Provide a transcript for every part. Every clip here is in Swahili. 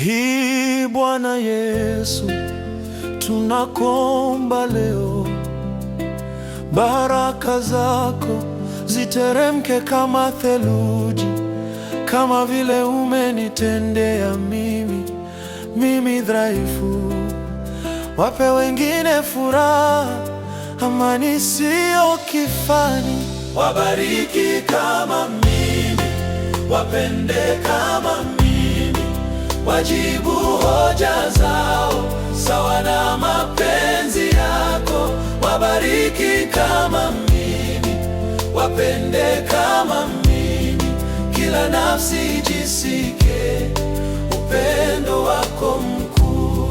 hii Bwana Yesu, tunakomba leo, baraka zako ziteremke kama theluji, kama vile umenitendea mimi, mimi dhaifu. Wape wengine furaha, amani siyo kifani, wabariki kama mimi, wapende kama mimi wajibu hoja zao sawa na mapenzi yako, wabariki kama mimi, wapende kama mimi, kila nafsi jisike upendo wako mkuu.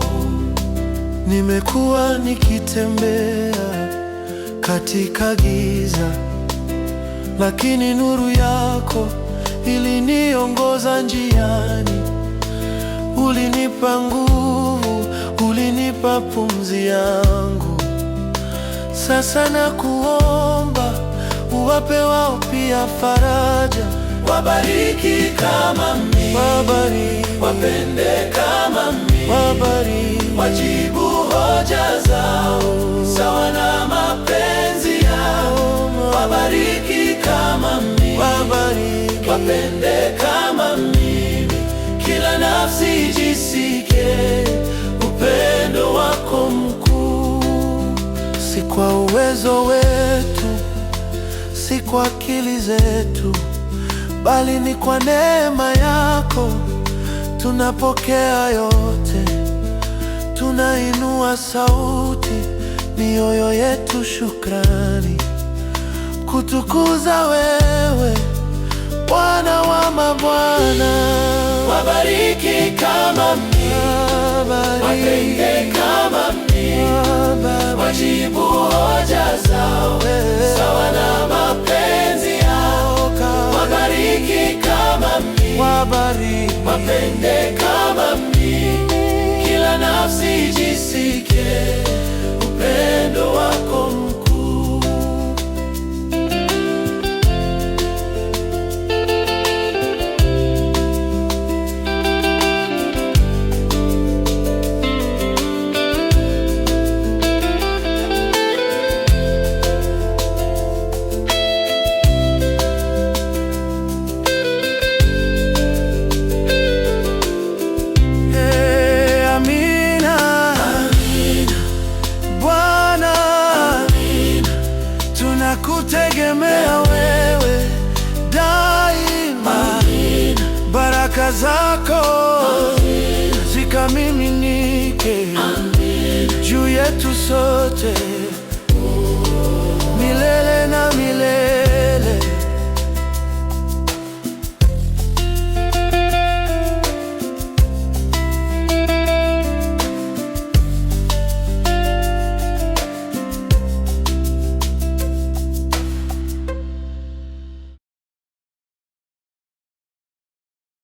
Nimekuwa nikitembea katika giza, lakini nuru yako iliniongoza njiani ulinipa nguvu, ulinipa pumzi yangu. Sasa nakuomba uwape wao pia faraja, wabariki kama mimi, wabariki, wapende kama mimi, wabariki, wajibu hoja zao sawa na mapenzi yao, wabariki kama mimi, wabariki, wapende kama mimi sijisike upendo wako mkuu, si kwa uwezo wetu, si kwa akili zetu, bali ni kwa neema yako. Tunapokea yote, tunainua sauti, mioyo yetu shukrani, kutukuza wewe Bwana wa mabwana. Wabariki kama mimi, watende kama mimi, wajibu hoja zao eh, eh. sawa na mapenzi yao. Oh, Wabariki kama mimi, wapende kama mimi, kila nafsi jisike upendo wako. Nakutegemea wewe daima, Baraka zako zikamiminike juu yetu sote.